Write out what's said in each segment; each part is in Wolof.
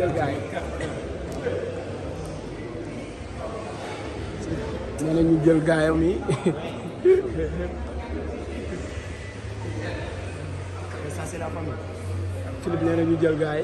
jël gaay yi ñu jël gaayam yi Philippe nee na ñu jël gaay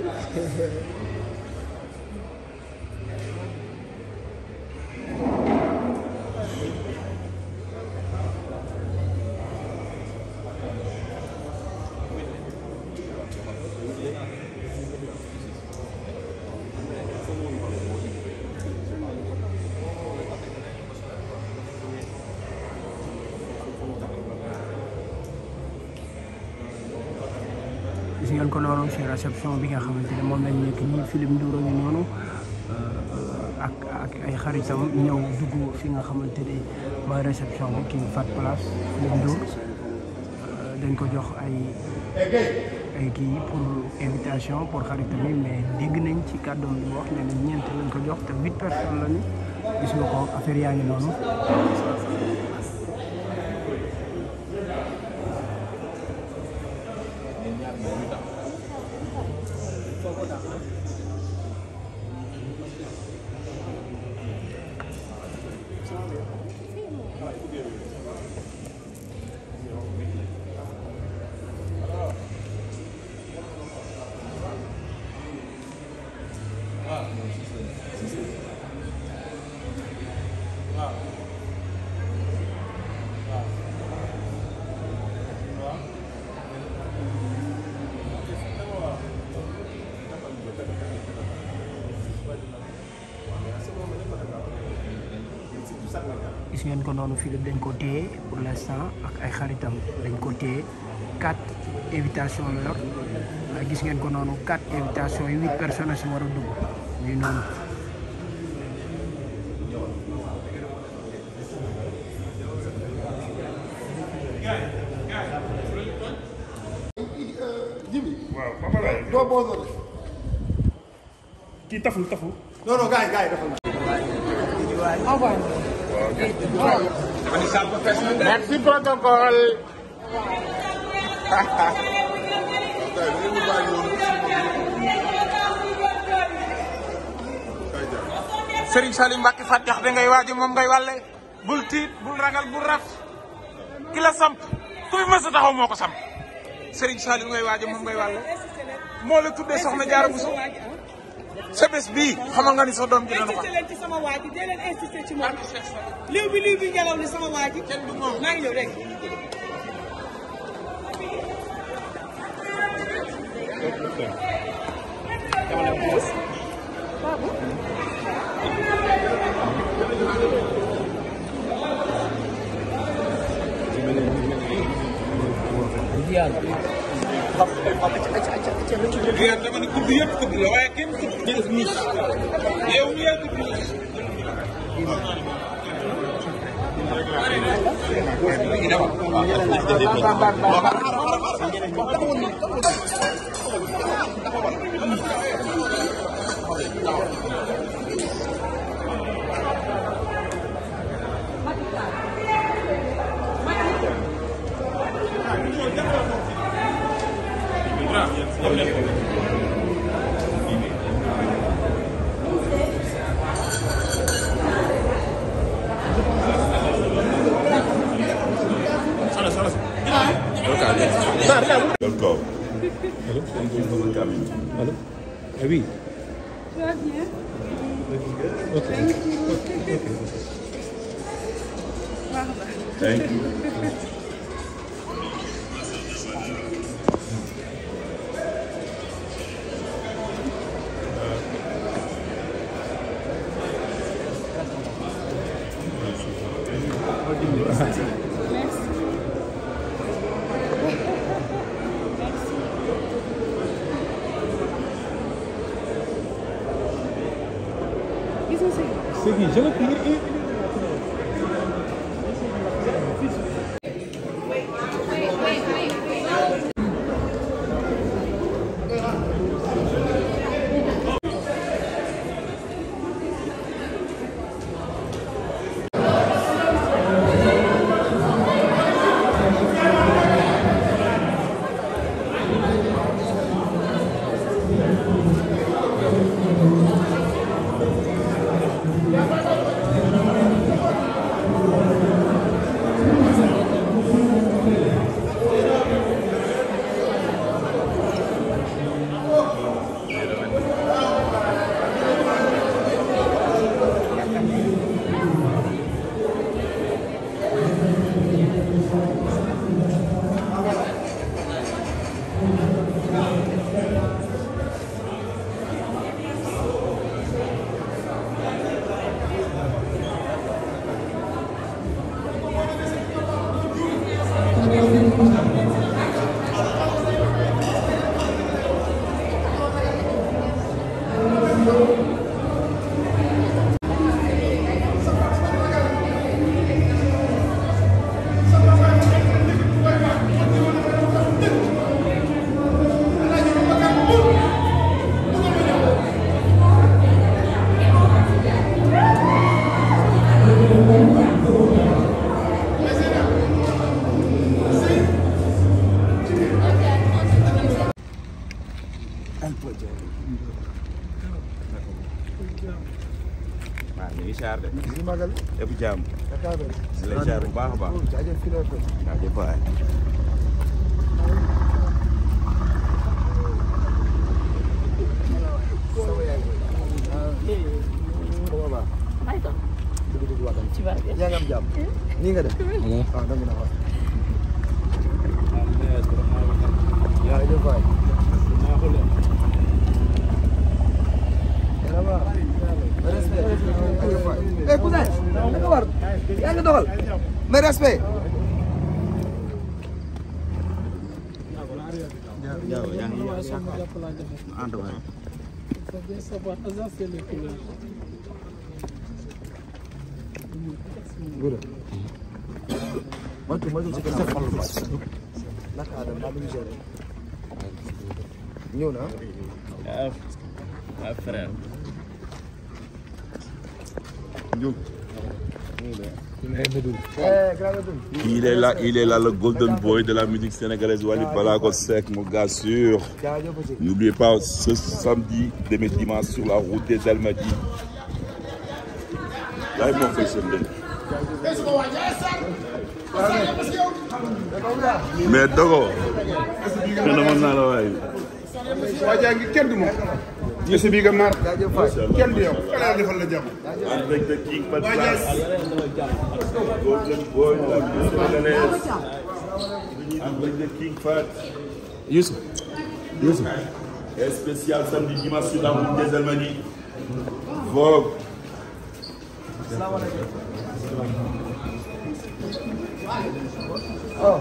réception bi nga xamante ne moom lañ nekk nii film du a ngi noonu euh, ak ak ay xaritam ñëw dugg fi nga xamante ne mooy réception bi King Fahd Palace film Ndour euh, dañ ko jox ay ay kii pour invitation pour xaritam yi mais dégg nañ ci kàddoom bi wax ne ñeent lañ ko jox te huit personnes lañu gis nga ko noonu Philippe dañ ko téye pour l'instant ak ay xaritam dañ ko téye quatre invitations la yor ah, gis ngeen ko noonu quatre invitations yi huit personnes la si war a dugg ñu Merci protocole. Serigne Salim Mbacke Faty Diakhaté ngay waaji moom ngay wàlle bul tiit bul ragal bul raf ki la samp kuy mës a taxaw moo ko samp Serigne Salim ngay waaji moom ngay wàlle moo la tuddee soxna Jaara Buso sa bés bii xamal nga ni sa doom sama waa ji dee leen insisté ci moom. liw bi liw bi ngelaw li sama waa ji. maa ngi papa papa ci ayca ayca ayca lañ ci jël. yéen dama ne kudd yëpp kudd la waaye kenn kudd ñu def niis yow ñu yàgg niis. Thank you. Welcome. Hello. Thank you for coming. Hello. Are we? You are here. Okay. Thank you. Okay. Thank you. Thank you. C'est qui Je le eh cousin naka war yaa ngi doxal mais respect. ñëw na. ah frère. Il est là, il est là, le golden boy de la musique sénégalaise Wally Ballago Seck, mon gars sûr. N'oubliez pas ce samedi, demain dimanche sur la route des Almadies. Laay moo fay seen dëkk. mais dogo. xanaa mën naa la waay. waa jaa ngi kenn du ma. monsieur bi gëm naa kenn du yow kala defal la jàmm and rek da ci pat Youssou Youssou spécial samedi dimanche sur la route des Almadies Vogue oh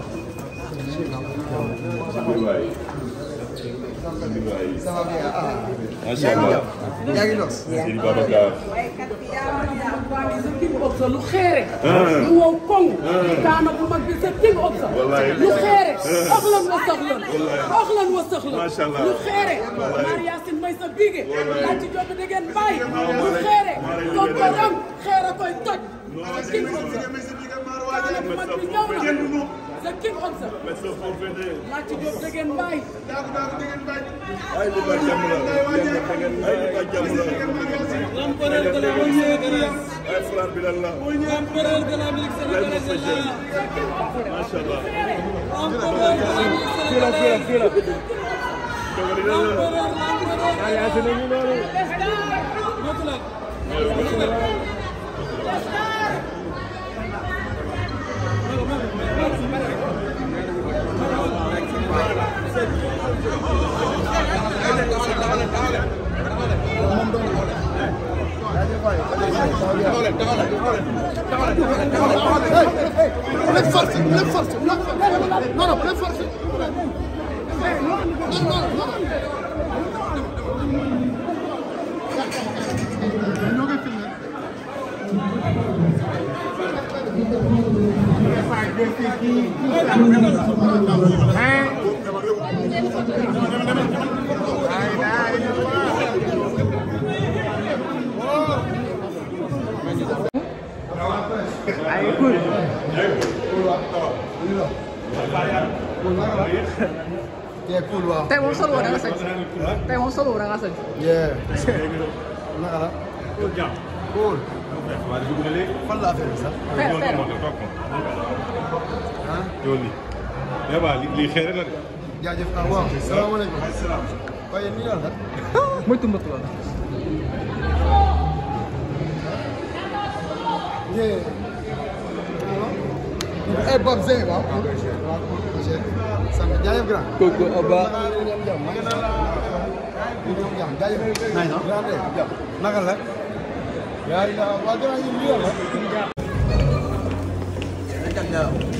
ça va bien ah. macha allah yaa ngi dox Serigne Babacar. lu xeere. lu wow koŋŋ. daanaka mag lu xeere. oxlan wa soxlan. oxlan wa soxlan. macha lu xeere. Mariasin may sa bige. laa ci jot da lu xeere. kon ko xeere koy toj. ak kii bi sa. the king answer. Metsa forfeté. Lac Diop Déguène Mbaye. Daagu daagu Déguène Mbaye. Ay li ba jàmm la. Ay li ba jàmm la. Lam perel de la musique sénégalaise. Ay fulan bi lan la. Lam perel de la musique sénégalaise. Machallah. Fii la fii la fii la. Ay ay dinañu loolu. Motul ak. Motul ak. Hey! tey tey moom solo da nga sëñ tey moom solo da nga sëñ. naka la. kóol. fan la affaire bi sax. xeer xeer ah. lii xeer la de. jaajëf ah waaw salaamaaleykum. waaye nii daal la. ¿eh? mooy tumbatu la. Eh Bob Zeynep waaw. sant jaajëf grand. kooku Abba. naka la. yaa ngi waaw grand yi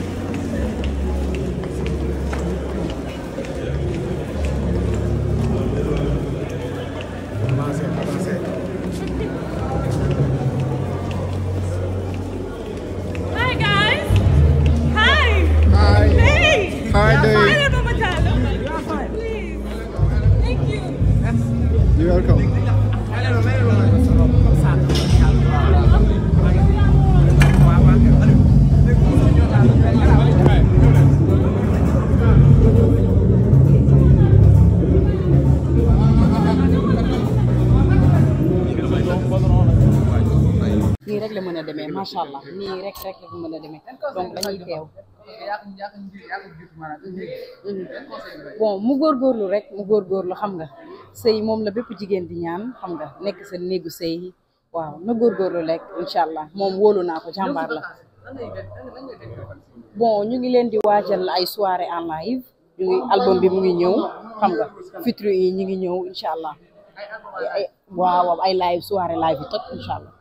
macha allah nii rek rek la mën a demee donc dañuy teew. bon mu góorgóorlu rek mu lu xam nga sëy moom la bépp jigéen di ñaan xam nga nekk sa néegu sëy waaw na lu rek incha allah moom wóolu naa ko jàmbaar la. bon ñu ngi leen di waajal ay soirée en live album bi mu ngi ñëw xam nga featuring yi ñu ngi ñëw incha allah ay waaw ay live soirée live yi toj incha allah.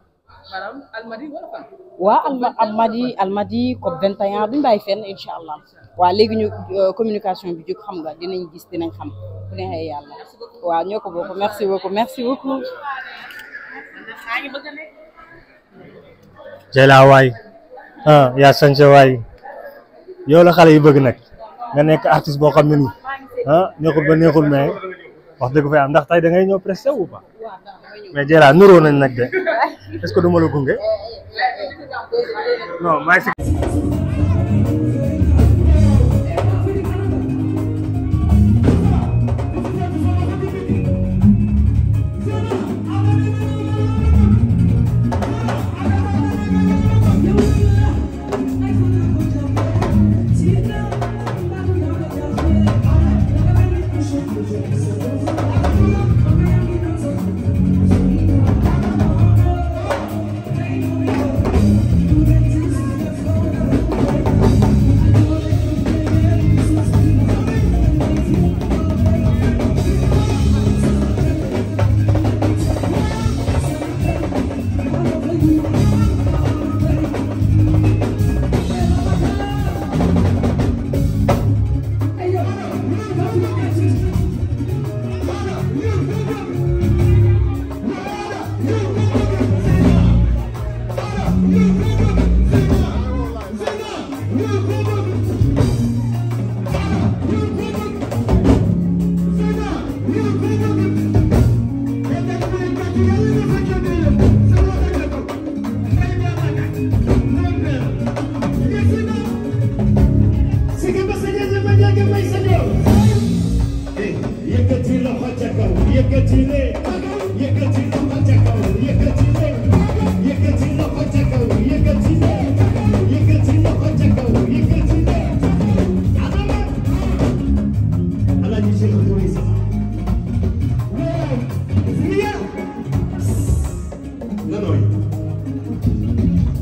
waa alma almadi almadi COP 21 duñ bàyyi fenn incha allah waaw léegi ñu euh, communication bi jóg xam nga dinañ gis dinañ xam bu neexee yàlla waaw ñoo ko bokk merci beaucoup merci waay ah, yaa sañse waay yow xale yi bëgg nag nga nekk artiste boo xam ne nii ah, ba neexul mais. wax dëgg fa yàlla ndax tey da ngay ñëw presse ou pas mais Dieyla nuroo nañ nag de est-ce que du ma la gunge non maa ngi si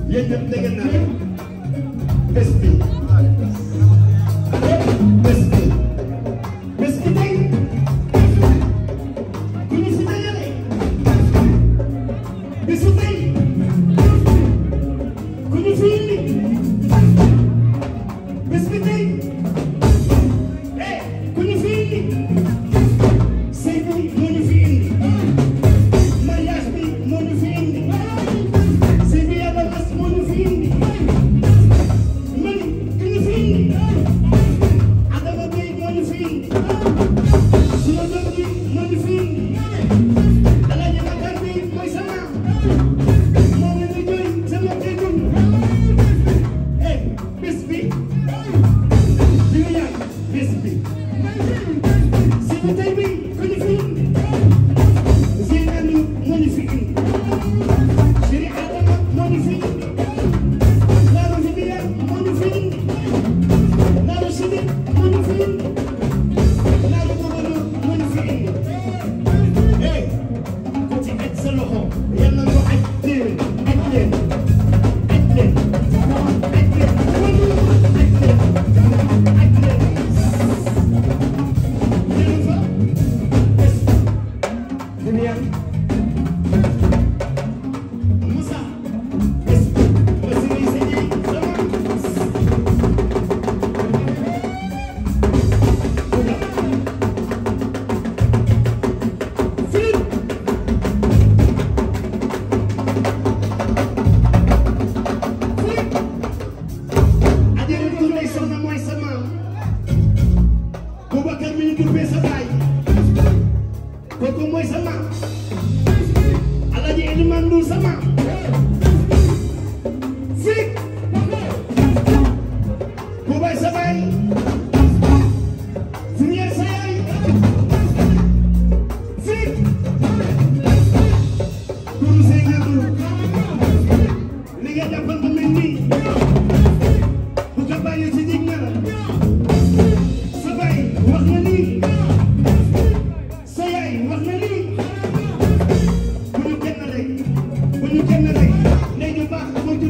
yéen ñëpp dégg naa bés bi bés sa loxo yàlla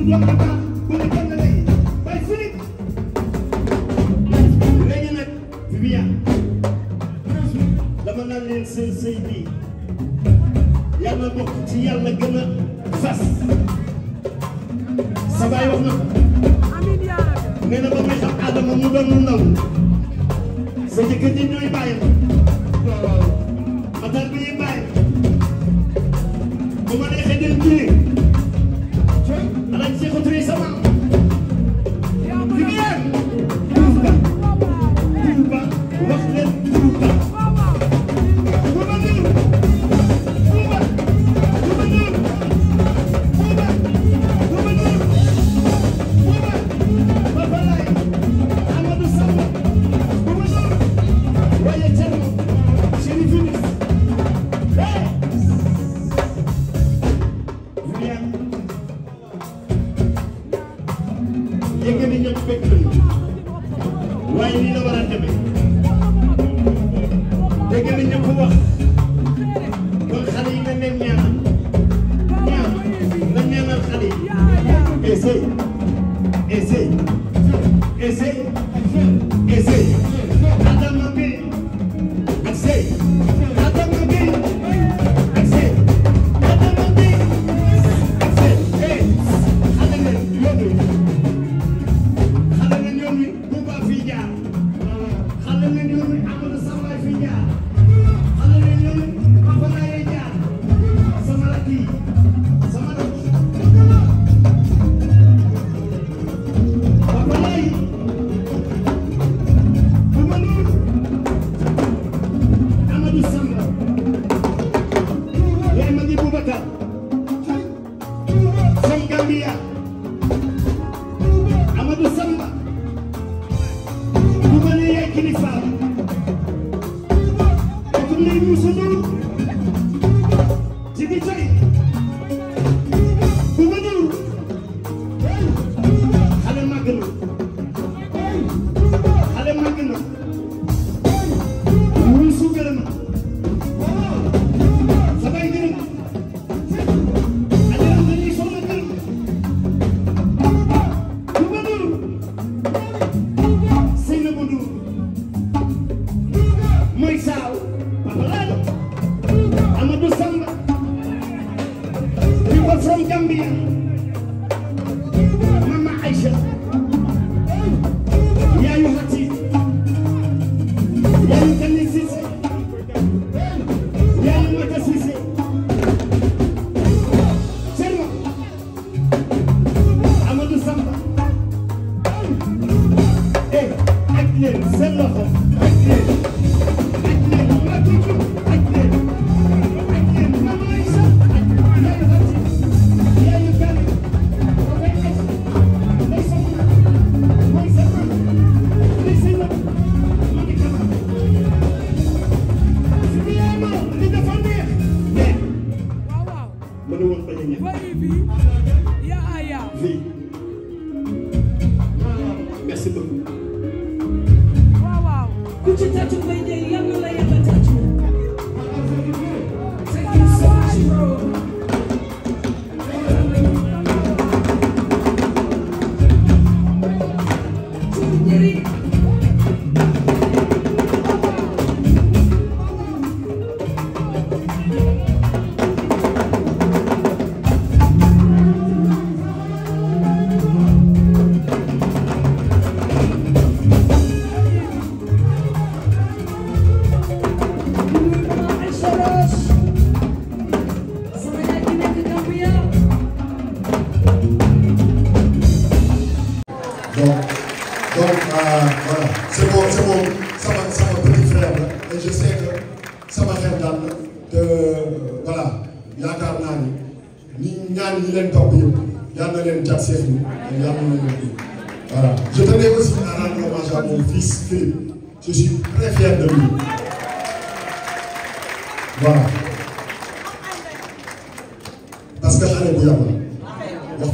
Look at that. ngeen ñëpp merci beaucoup. waaw waaw. ku ci tëtu mbay de yàlla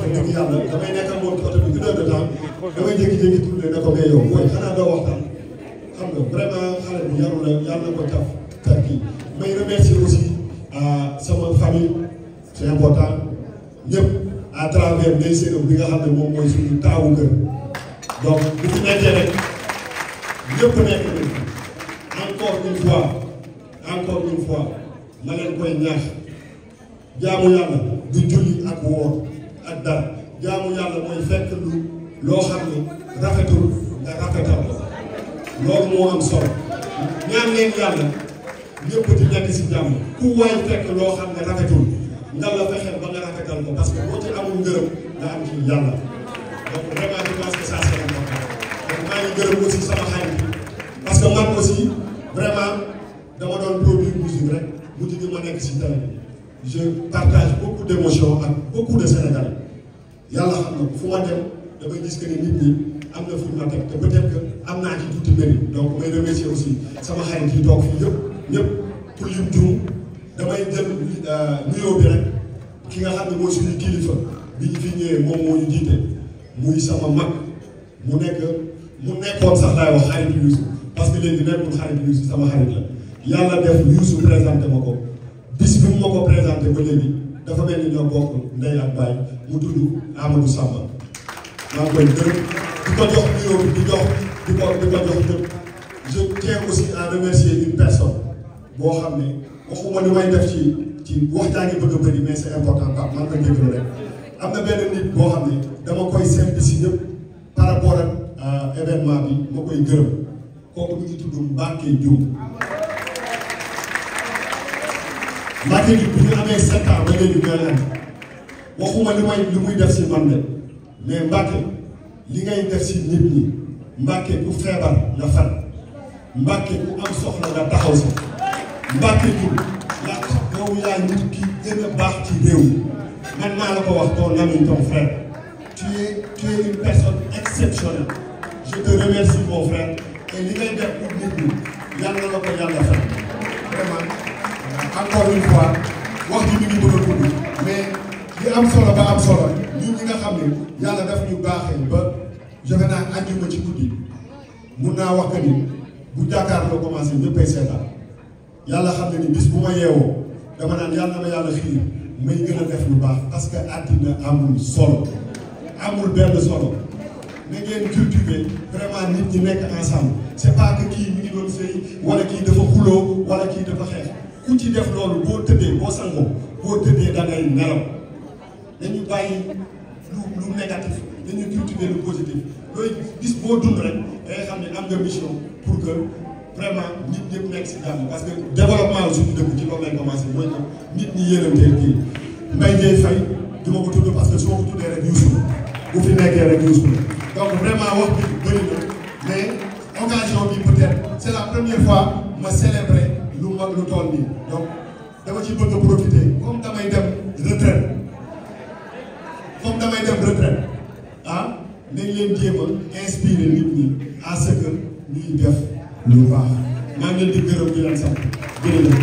dëgg yàlla damay nekkal moom ci oto bi une heure de temps damay jékki-jékki tur ne ko mais yow mooy xanaa doo waxtaan xam nga vraiment xale bi yaru na yàlla ko caf caf kii may remercier aussi sama famille c'est important ñëpp à travers Ndeye Seydou bi nga xam ne moom mooy suñu taawu kër donc bu fi nekkee rek ñëpp nekk nañu encore une fois encore une fois ma leen koy ñaax jaamu yàlla du julli ak woor. ak dara jaamu yàlla mooy fekk lu loo xam ni rafetul nga rafetal ko loolu moo am solo ñaan leen yàlla ñëpp di nekk si jàmm ku waay fekk loo xam ne rafetul nga la fexeel nga rafetal ko parce que nga am ci yàlla donc vraiment je pense parce que man aussi vraiment dama doon produire musique rek mujj gi ma nekk si télé bi je partage beaucoup d'émotions ak beaucoup de Sénégalais. yàlla xam na fu ma dem damay gis que ni nit ñi am na fu ma teg te peut am naa ci tuuti mérite donc may remercier aussi sama xarit yi toog fii yëpp ñëpp pour lim juum damay jël euh, muy sama mag mu nekk mu nekkoon sax laay wax xarit Youssou parce que léegi nekkul xarit Youssou sama xarit la yàlla def Youssou présenté ma ko bis bi mu ma ko présenté ba léegi dafa mel ni bokk ndey ak baay mu tudd Amadou Samba maa ngi koy gërëm di ko jox bureau bi jox di ko di ko jox ñëpp je tiens aussi à remercier une personne a bëri mais c'est important rek am na benn nit boo xam ne dama koy simplifier ñëpp par rapport ak euh, événement ma koy gërëm kooku ñu ngi tudd Mbacké Diouf Mbacké Diouf bu ñu amee sept ans ba léegi waxuma li may li muy def si man de mais Mbàkke li ngay def si nit ñi Mbàkke ku feebar nga fat Mbàkke ku am soxla nga taxaw si Mbàkke jur la yow yaa nit ki gën a baax ci réew man maa la ko wax ton ami frère tu es une personne exceptionnelle je te remercie mon frère et li ngay def pour nit ñi yàlla la ko yàlla fay vraiment encore une fois wax ji mi ngi bëgg a gudd mais li am solo ba am solo ñun ñi nga xam ne yàlla daf ñu baaxee ba joxe àjjuma ci guddi mun naa wax que ni bu jàkkaarloo commencé ñëppay seetaan yàlla xam ne ni bis bu ma yeewoo dama naan yàlla na ma yàlla xiir may gën a def lu baax parce que àddina amul solo amul benn solo na ngeen cultiver nit ñi nekk ensemble c'est pas que kii ngi doon sëy wala kii dafa xuloo wala kii dafa xeex ku ci def loolu boo tëddee boo sangoo boo tëddee da ngay dañu bàyyi lu lu négatif dañu cultiver lu positif yooyu bis boo dund rek da ngay xam ne am nga mission pour que nit ñëpp nekk si jàmm parce que développement la suñu dëkk ci loolu lay commencé mooy que nit ñi yéenanteel kii Mbaye ma ko tudd parce que su ma ko tuddee rek Youssou bu fi nekkee rek Youssou donc vraiment wax bi bëri na mais occasion bi ma célébrer lu mag lu tool nii dem retraite comme damay dem retraite ah nañ leen jéem a inspiré nit ñi à ce que ñuy def lu baax maa ngi leen di gërëm di leen sant jërëjëf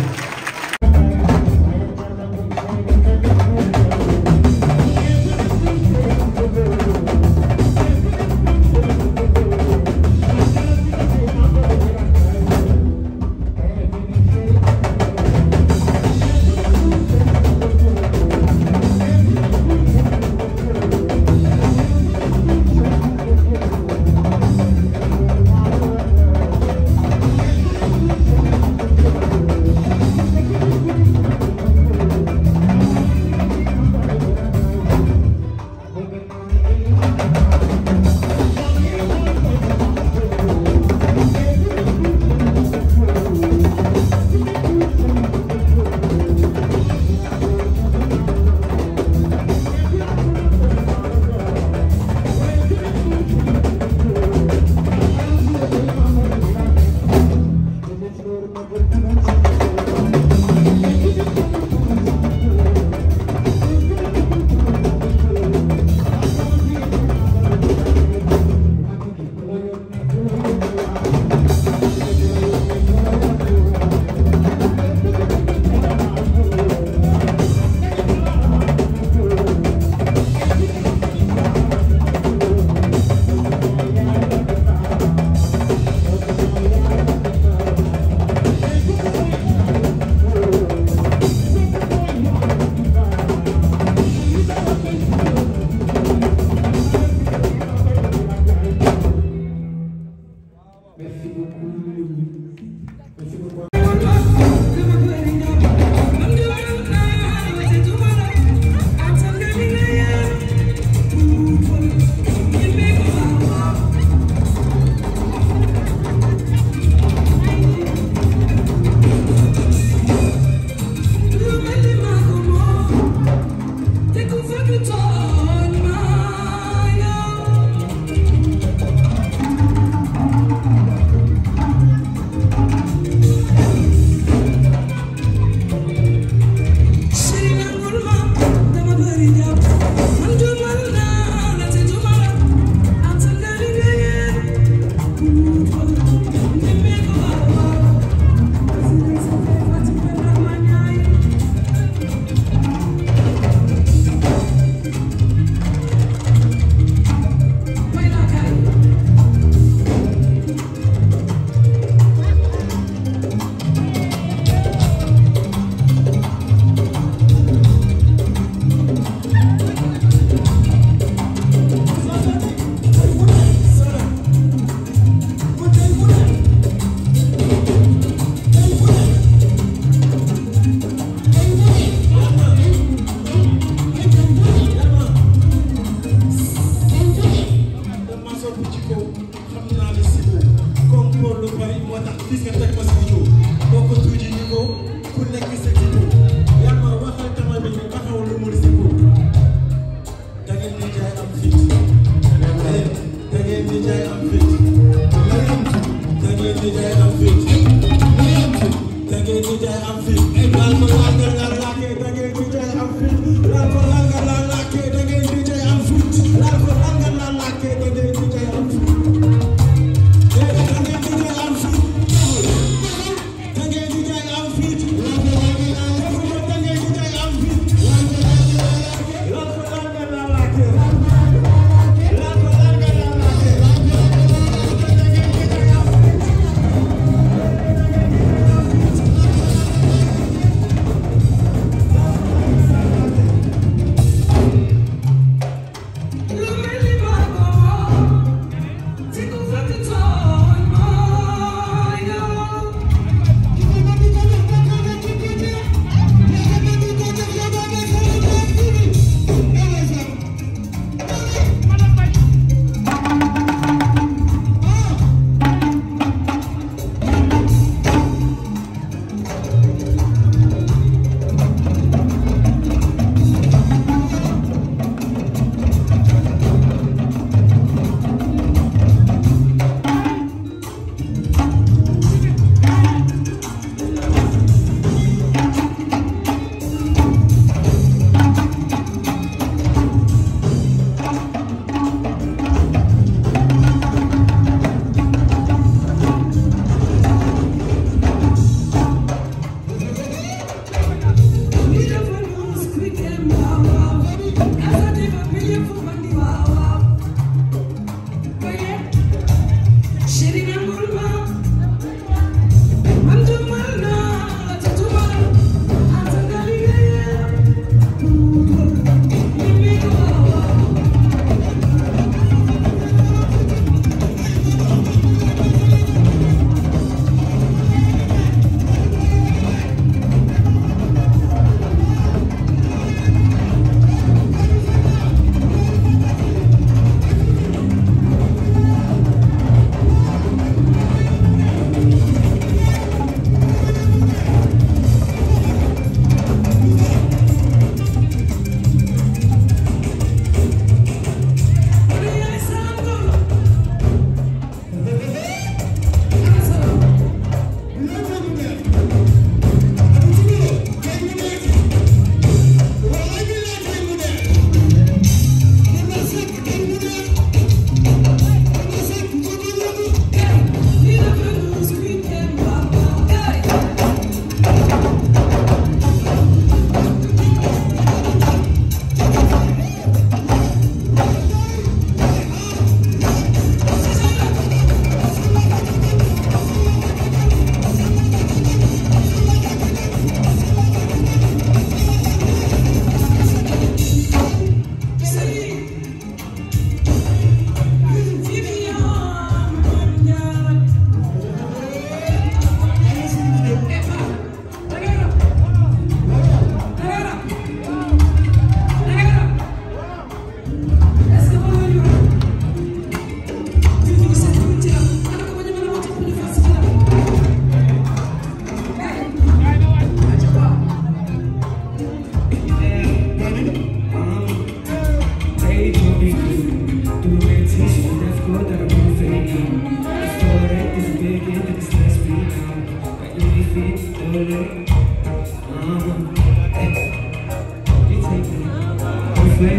fade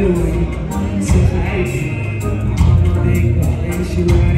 away. So I, I'm a big boy, and she